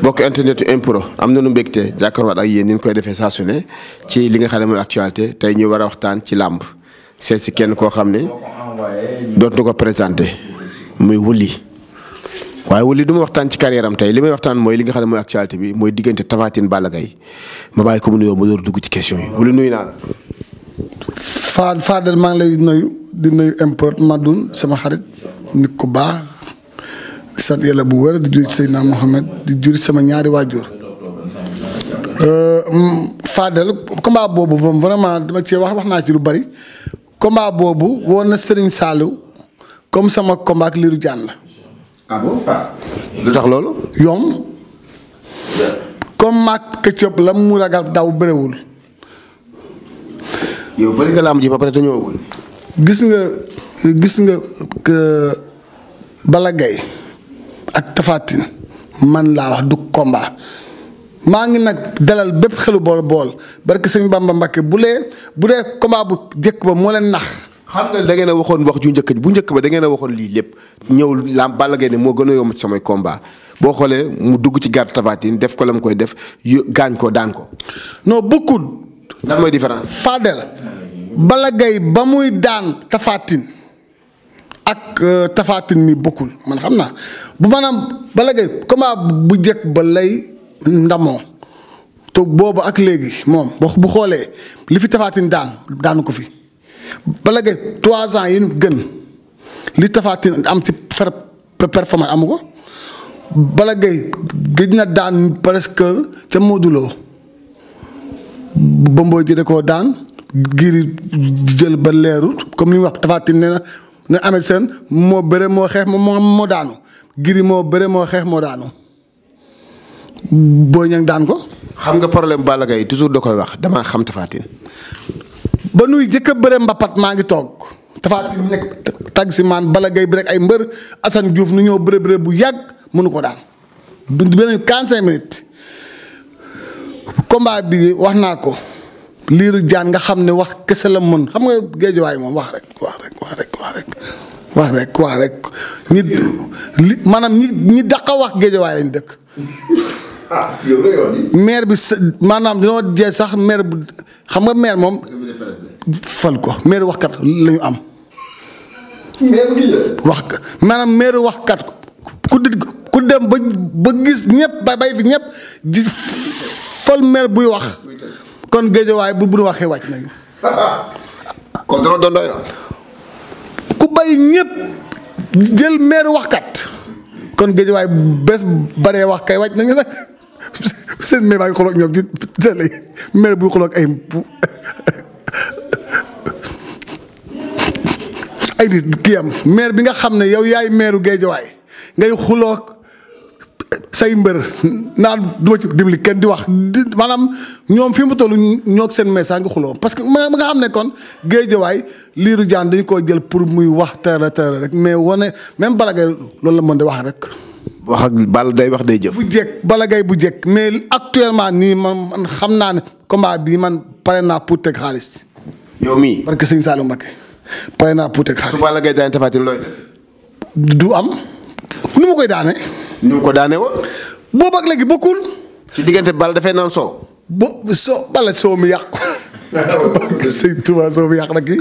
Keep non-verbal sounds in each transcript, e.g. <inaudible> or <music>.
mbokk internet yu impro am nañu mbégte jàkkaarwaat ak yéen ni ñu koy defee saa su ne ci li nga xam ne mooy actualité tey ñu war a waxtaan ci làmp seet si kenn koo xam ne dootu ko présenté muy Wouly waaye Wouly du ma waxtaan ci carrière am tey li may waxtaan mooy li nga xam ne mooy actualité bi mooy diggante Tapha Tine Balla Gaye ma bàyyi ko mu nuyoo ma dugg ci question yi Wouly nuyu naa la. Fad Fadel maa ngi lay nuyu di nuyu import Madoun sama xarit nit ko baax. sant yàlla bu wër di jur Seydina Mohamed di jur sama ñaari waajur euh, Fadel combat boobu moom vraiment dama cee wax wax naa ci lu bari combat boobu woon na Serigne Saliou comme sama combat ak Lirou la. Ah ah. lu tax loolu. yomb comme maag la mu ragal daw bëriwul. yow bëri ji ba pare te ñëwagul. gis nga gis nga euh, bala Gaye ak tafaatin man laa wax dugg combat maa ngi nag dalal bépp xelu bool bool barke sëñ Bamba Mbakke bu lee bu dee combat bu njëkk ba moo leen nax. xam nga da waxoon wax ju njëkk bu njëkk ba da ngeen a waxoon lii lépp ñëw laam Balla ne moo gën a yomb ci samay komba boo xoolee mu dugg ci gàtt tafatin def ko la mu koy def yu gaañ ko daan ko. no bokkul. lan mooy différence. Fadel Balla ba muy daan tafatin ak euh, tafaatin mi bokkul man xam naa bu maanaam Balla Gaye combat bu njëkk ba lay ndamoo te boobu ak léegi moom bu xoolee li fi tafaatin daan daanu ko fi Balla Gaye trois ans yi ñu gën li tafaatin am ci fer performance amu ko Balla Gaye na daan presque ca Modou Lo ba mbooy jëlee koo daan giir jël ba leerut comme li mu wax tafaatin nee na nu Ameth Sène moo bëre moo xeex moo moo daanu Gris moo bëre moo xeex moo daanu Boy Niang daan ko. xam nga problème bala gay toujours da koy wax damaa xam Tapha ba nuy jëkk a bëre mbapat maa ngi toog Tapha Tine nekk tag si maan bala gay bi rek ay mbër Assane Diouf nu ñëw bëre bëre bu yàgg mënu ko daan bu beneen 45 minutes combat bi wax naa ko. liiru jaan nga xam ne wax kese la mën xam nga géejawaay moom wax rek wax rek wax rek wax rek wax rek wax rek ñi li maanaam ñi ñi wax géejawaay lañ dëkk. ah bi sa maanaam dañoo jee sax maire bu nga maire moom. ko maire waxkat la am. wax maanaam waxkat ku di dem ba gis ñëpp ba bay fi ñëpp fol fal buy wax. kon géejawaay bu bu nu waxee wàcc nañu. <laughs> kon dana doon doy ku bay ñëpp jël maire waxkat kon géejawaay bés baree wax kay wàcc nañu nag <laughs> seen maire baa ngi xuloo ak ñoom ci bu xuloo ay <laughs> ay nit bi nga xam ne yow yaay meeru géejawaay ngay xuloo say mbër naa du ma ci dimbali kenn di wax maanaam ñoom fi mu toll ñoo seen message nga xuloo parce que ma nga xam ne kon géejawaay liiru jaan dañu ko jël pour muy wax tëra tëra rek mais wane même Balla Gaye loolu la mën di wax rek. wax ak Balla day wax day jëf. bu jekk Balla bu jekk mais actuellement nii man man xam naa ne combat bii man pare naa pour teg xaalis. yow mii parce que sëñ Saalum pare naa pour teg xaalis. su Balla Gaye daan Tapha Tine du am nu ma koy daane. ñu ngi ko daane woon boobu ak léegi bokkul. ci diggante bal dafay naan soow. bo soo bala soo mi yàqu. <laughs> sëñ yàq nag kii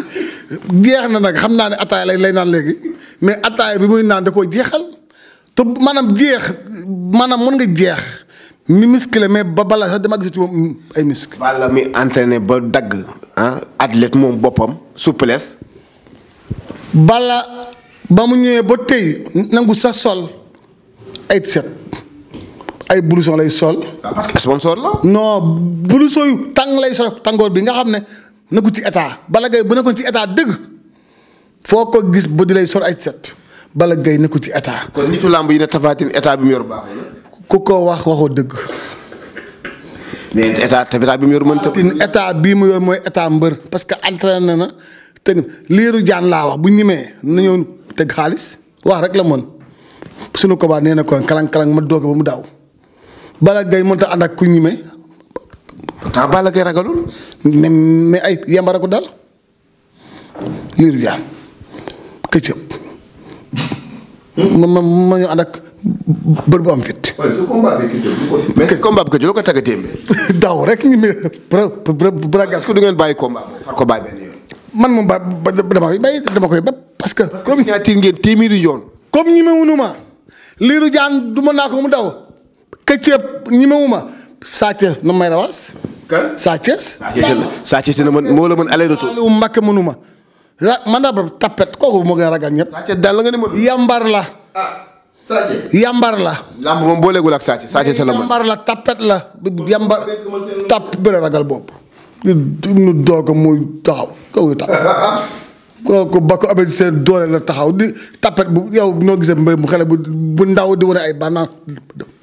jeex na nag xam naa ne ataaya lay naan léegi mais ataaya bi muy naan da koo jeexal te maanaam jeex maanaam mën nga jeex. mi muscle mais ba bala sax dama gis ci moom ay muscle. bala mi entraîné ba dagg ah moom boppam souplesse. bala ba mu ñëwee ba tey nangu sa sol. ay set ay blouson lay sol. Ah, parce que la. non blouson yu tàng lay sol tàngoor bi nga xam ne nekku ci état bala Gaye bu nekkoon ci état dëgg foo ko gis ba di lay sol ay set bala Gaye nekku ci état. kon yi ne Tapha bi mu yor baax ku ko wax waxoo dëgg. bi mu yor mënta. bii mu yor mooy état mbër parce que entraîné na te liiru jaan laa wax bu ñu ñemee teg xaalis wax rek la mën. suñu combat nee na kon kalang kalang ma doog ba mu daaw Balla Gaye mënta ànd ak ku ñime. mais ay yambara ko dal liir jaam këccëb ma ma ma ñu ànd ko <laughs> du ngeen bàyyi combat man moom ba dama koy bàyyi dama koy ba parce que. parce ngeen téeméeri yoon. comme ñi ma ma liiru jaan du ma naa ko mu daw këcceeb ñi ma wuma Sa Thiès nu may rawaas. kan Sa Sa Thiès la mën moo la mën aller retour. waaw mbàkk mënuma ra man daa bëgg kooku moo gën a ragal ñëpp. Sa daal la nga ne mën. yambar la. ah Sa Thiès. yambar la. làmb moom booleegul la mën. yambar yambar tap bëre ragal boobu. doog a muy taxaw kooku tapet. <laughs> kooku ba ko amee seen doole la taxaw di tapet bu yow noo gisee mu xale bu bu ndaw di wane ay bannaan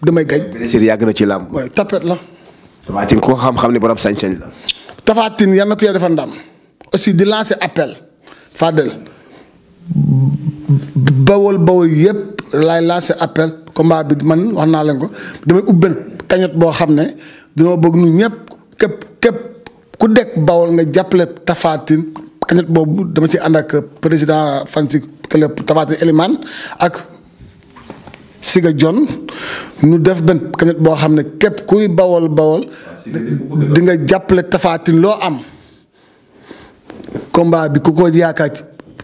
damay gañ. blessure ci làmb. waaye tapet la. Tapha Tine ni borom sañ la. Tapha Tine yal na ndam aussi di lancer appel Fadel bawol bawol yëpp laay lancer appel combat bi man wax naa leen ko damay ubben kañot boo xam ne dina bëgg nu ñëpp képp képp ku dekk bawol nga jàppale Tapha kañat boobu dama ci ànd ak président fan si club Tabaté ak Siga jon ñu def benn kañat boo xam ne képp kuy bawol bawol di nga jàppale tafaatin loo am combat bi ku ko yaakaar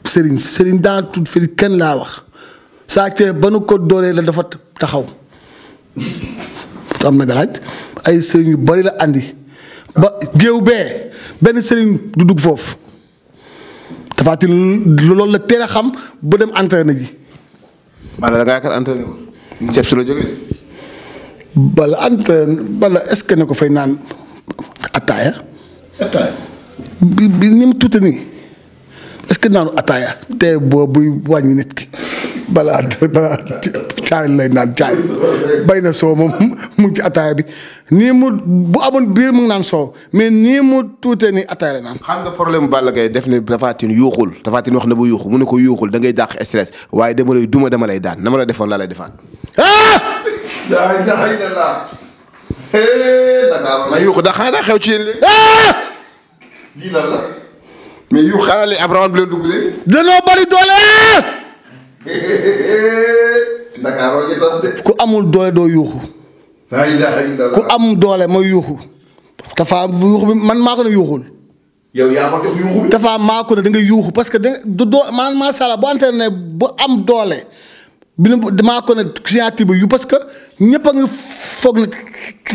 sëriñ Serigne Serigne tudd fii kenn laa wax saa cee ba nu ko dooree la dafa taxaw am na galaaj ay sëriñ yu bari la andi ba géew bee benn sëriñ du dugg foofu Tapha Tine loolu la teel a xam ba dem entraîné ji. Balla da ngaa yaakaar ko. Incept si la jógee. Balla ne ko fay naan ataaya. ataaya. bi bi ni tuuti nii est naanu ataaya. te boo buy wàññi nit balaa balaa caay lay naan caay bay na soow moom mu ngi ci ataaya bi nii mu bu amoon biir mu ngi naan soow mais nii mu tuutee nii ataaya lay naan. xam nga problème mu Balla def ne Tapha Tine yuuxul Tapha Tine wax na bu yuuxu mu ne ko yuuxul da ngay dàq stress waaye dama lay duma dama lay daan la defoon ah! xew ci yéen ah! lii la. mais yuuxu xanaa lay bari doole. Ah! <laughs> ku amul doole doo yuuxu. ku am doole mooy yuuxu. Tafa yuuxu bi man maa ko ne yuuxul. yow yaa ko jox yuuxu bi. Tafa maa ne da yuuxu parce que da du doo man macha allah boo antee ne am doole. bi damaa ko ne signature bi yu parce que ñëpp a ngi foog ne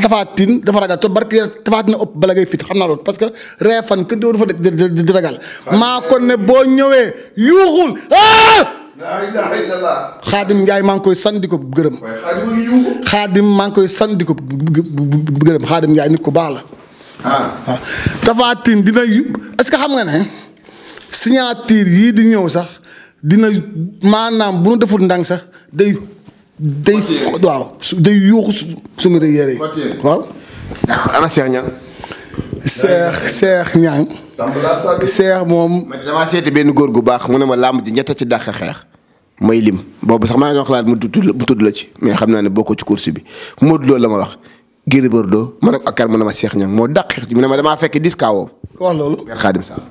Tapha Tine dafa ragal te barki Tapha Tine ëpp bala ngay fit xam naa loolu parce que reefan kër dafa di ragal. ne boo ñëwee yuuxul ah! xaadim Njaay maa ngi koy sant bu ko gërëm. xaadim maa ngi koy sant gërëm xaadim Njaay nit ku baax la. waaw ah. ah. Tapha Tine dina est-ce que xam nga ne signature yii di ñëw sax dina maanaam bu nu deful ndànk sax day. day waaw su day yuuxu suñu yére yi waaw. ana Cheikh Niang. Cheikh Cheikh Niang. Cheikh moom. man damaa benn góor gu baax mu ne ma làmb ji ñett a ci dàq xeex. may lim boobu sax maa ngi wax xalaat mu tudd mu tudd la ci mais xam naa ne bokkoo ci course bi Modou Lo la ma wax. Gris Bordeaux man ak Akar mu na ma seex Niang moo dàq xeex mu ne ma damaa fekk dis kaawoom. ko wax loolu Père Khadim Sall.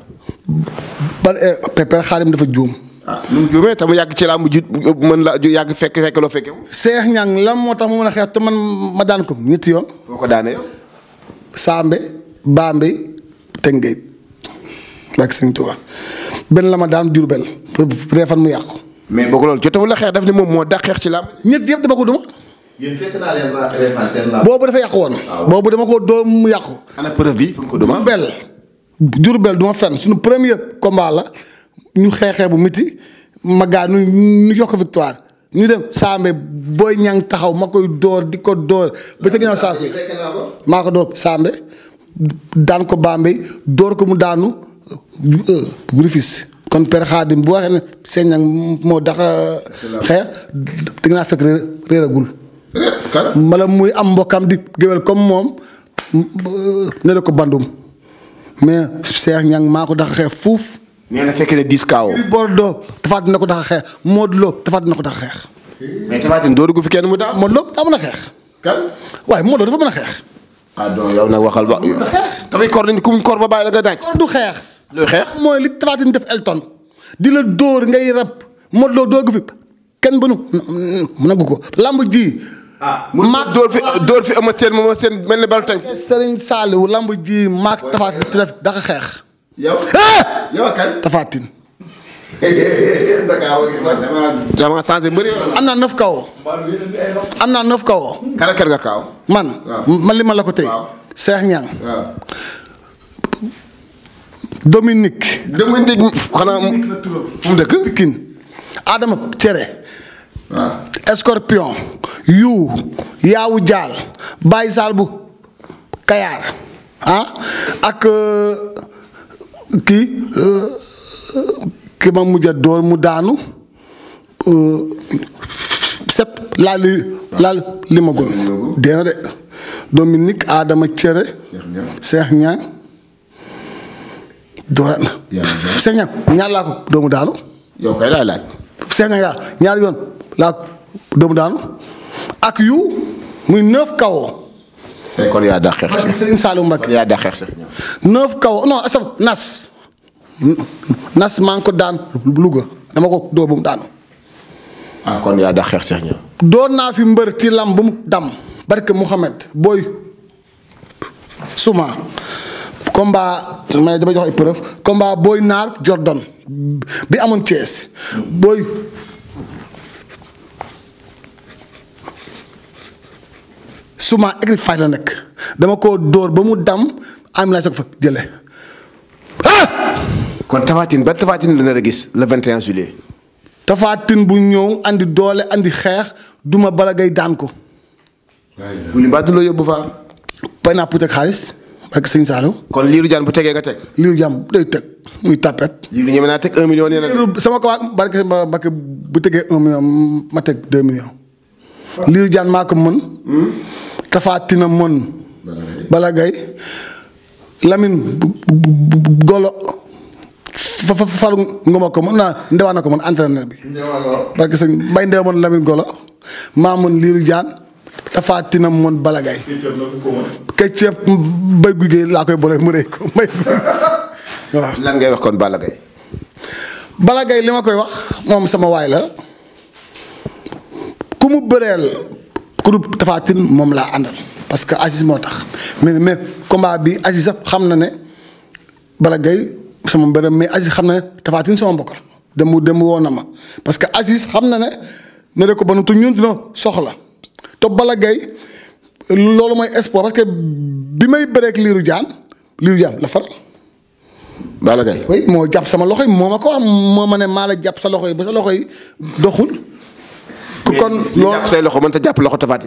ba eh, Père dafa juum. ah nu mu mu yàgg ci laa mu ji mën laa yàgg fekk fekk loo fekkee. Cheikh Niang lan moo tax mu mën a te man ma daan ko ñetti yoon. foo ko daanee. Sambe Bambe Tëngéej. ak Sëñ la ma daan Jurbel pour pour mu yàqu. mais boog loolu jotewul la xeex daf ne moom moo dàq xeex ci làmb. ñett yëpp dama ko duma. yéen fekk naa boobu dafa yàqu woon. boobu dama ko doom mu yàqu. ana bi fa nga ko duma. bel suñu premier combat ñu xeexee bu miti ma ñu ñu yokk victoire ñu dem Saambe booy ñang taxaw ma koy door di ko door ba ca ginnaaw saako yi maa ko door Saambe daan ko Bambey door ko mu daanu euh, Rufisque. kon Père Khadim bu waxee ne seen ñaŋ moo dax euh, xeex dina naa fekk réeragul mala muy am mbokkam di géwél comme moom euh, ne la ko bandum mais Cheikh Niang maa ko dax xeex fuuf. nee na fekk na 10 kawoo. Bordeaux Tapha na ko dax xeex Modou Lo Tapha Tine na ko dax xeex. mais Tapha Tine dooru gu fi kenn mu daal. Modou xeex. waaye Modou Lo dafa mën a xeex. ah donc yow waxal ba. tamit koor nañ kum koor ba bàyyi la nga du xeex. luy xeex mooy li Tapha def Elton di la dóor ngay rab Modou Lo doogu fi kenn ba mu nagu ko làmb ji. ah maag dóor fi dóor fi ama seen mel ni balu tànk. Serigne Saliou lamb ji maag Tapha Tine def dafa xeex. yow yow kan <laughs> changé bëri am naa neuf kaw. am naa neuf kaw. man man la ko tey. Cheikh Niang. Dominique. Dominique xanaa fu mu dëkk Pikine Adama Cere. waaw Escorpion. yu yaawu jaal Baye Sall bu Kayaar ah ak euh, kii euh, ki ma mujj a door mu daanu euh, sepp laa li laa li ma gën. de Dominique Adama Cere. Cheikh Niang. dooraat na. yaa ñaar laa ko doomu ñaar yoon laa doomu daanu ak yu muy neuf kawoo. Eh, nas. nas maa ngi ko daan Louga dama ko dóor bu mu daanu. Ah, door naa fi mbër ci lam bu mu dam barke Mouhamed booy suma combat man dama jox épreuve combat booy naar Jordan bi amoon Thiès booy. souvent écrit fay la nekk dama koo dóor ba mu dam am naa soog fa jëlee ah! kon Tafatine ba Tafatine la nar a gis le 21 juillet. Tafatine bu ñëw andi doole andi xeex duma bala gay daan ko. waaye mbaa yóbbu faa. pay naa puut xaalis. ak sëñ Saalum. kon liiru jaan bu tegee nga teg. liiru jaan day teg muy tapet. liiru ñeme naa teg un na. liiru sama kaw bu tegee ma teg deux millions. Ah. liiru jaan maa ko mën. Hmm? tafaatina mën. Balla Gaye Golo. fa fa ko mën naa ndewaan ko mën entraîneur bi. ndewaan waaw. parce que mbay ndew mën Lamine Golo maa mën liiru jaan. Tapha Tine mën Balla Gaye. Ketchup bay guy gi laa koy boole mu rëy ko may <laughs> waaw. lan ngay wax kon Balla Gaye. li ma koy wax moom sama waay la ku mu bëreel groupe Tapha Tine moom laa àndal parce que Aziz moo tax mais mais bi Aziz sax xam na ne Balla Gaye sama mbërëm mais Aziz xam na ne Tapha sama mbokk la dem dem woo na ma parce que Aziz xam na ne ne de ko ba nu tuñ ñun dina soxla. te Balla Gaye loolu mooy espoir parce que bi may bëreek liiru jaan liiru jaan la faral. Balla Gaye moo jàpp sama loxo yi moo ma ko am moo ma ne maa la jàpp sa loxo yi ba loxo doxul. kon loolu loxo mën ta jàpp loxo tafaati.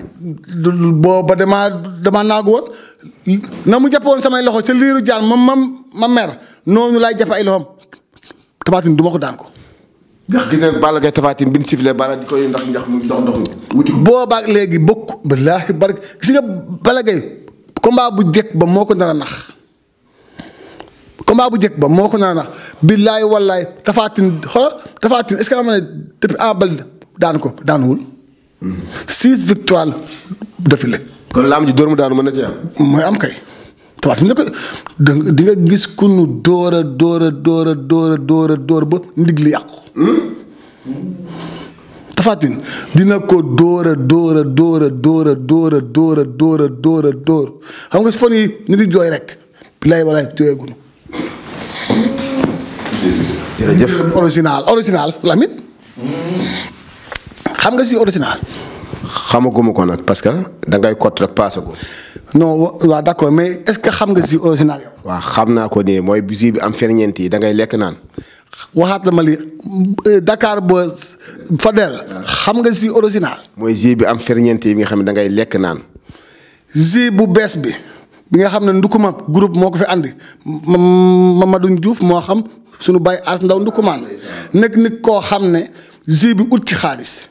booba damaa damaa naagu woon na mu jàpp woon samay loxo ca liiru jaan ma ma ma mer noonu laay jàpp ay loxoom tafaati du ma ko daan ko. ndax gis nga Balla Gaye wuti léegi bokk billaahi barke gis nga Balla Gaye bu jëkk ba moo ko nar nax combat bu jëkk ba moo ko nar a nax billaahi wallaahi tafaatin xoolal tafaatin est-ce que xam ne depuis daan ko daanuwul. six victoire d'affilée. kon laam ji dóor mu daanu mën na ci am. mooy am kay. tafaatin ne ko di nga gis ku nu dóora dóora dóora dóora ba ndigli tafaatin dina ko dóor a dóor a dóor a dóor a dóor a dóor a dóor a dóor a dóor xam nga si fan yi rek bilaay walaay jooyeeguñu. jërëjëf original original Lamine. xam nga si original. xamaguma ko nag parce que da ngay cote rek paase ko. non waaw d' accord mais est ce que xam nga si original yow. waaw xam naa ko nii mooy bis bi am ferñeent yi dangay lekk naan. waxaat na ma li euh, dakaar ba Fadel. xam nga si original. mooy jus bi am ferñeent yi nga xam ne da ngay lekk naan. jus bu bees bi. bi nga xam ne ndukuma groupe moo ko fi andi Mamadou Diouf moo xam suñu bay as ndaw ndukumaan nekk nit koo xam ne si bi ut ci xaalis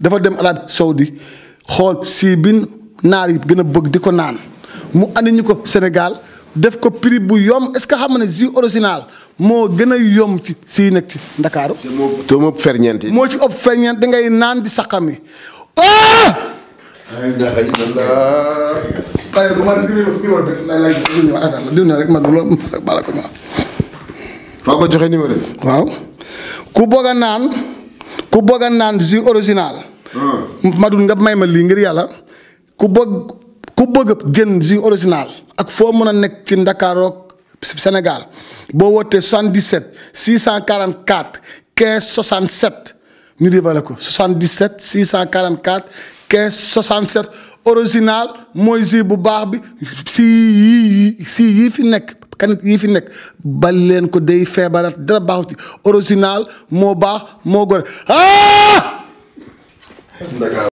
dafa dem Arabie Saoudi xool si bin naar yi gën a bëgg di ko naan mu andi ñu ko Sénégal. def ko prix bu yomb est-ce que xam nga ne jus original moo gën a yomb ci si nekk ci Ndakaaru. te moo ëpp ferñeent yi. moo ci ëpp ferñeent da ngay naan di saxam yi. tey ah! rek ma loolu ko joxe numéro bi. waaw ku bëgg a naan ku bëgg a naan jus original. Hmm. Madou nga may ma lii ngir yàlla ku bëgg ku bëgg jën jus original. ak foo mën a nekk ci Ndakaarook Sénégal boo wootee 77 644 15 67 ñu débale ko 77 644 15 67 original mooy bu baax bi si yii yii fi nekk kanit yii fi nekk bal leen ko day feebarat dara baaxu ci original moo baax moo gore ah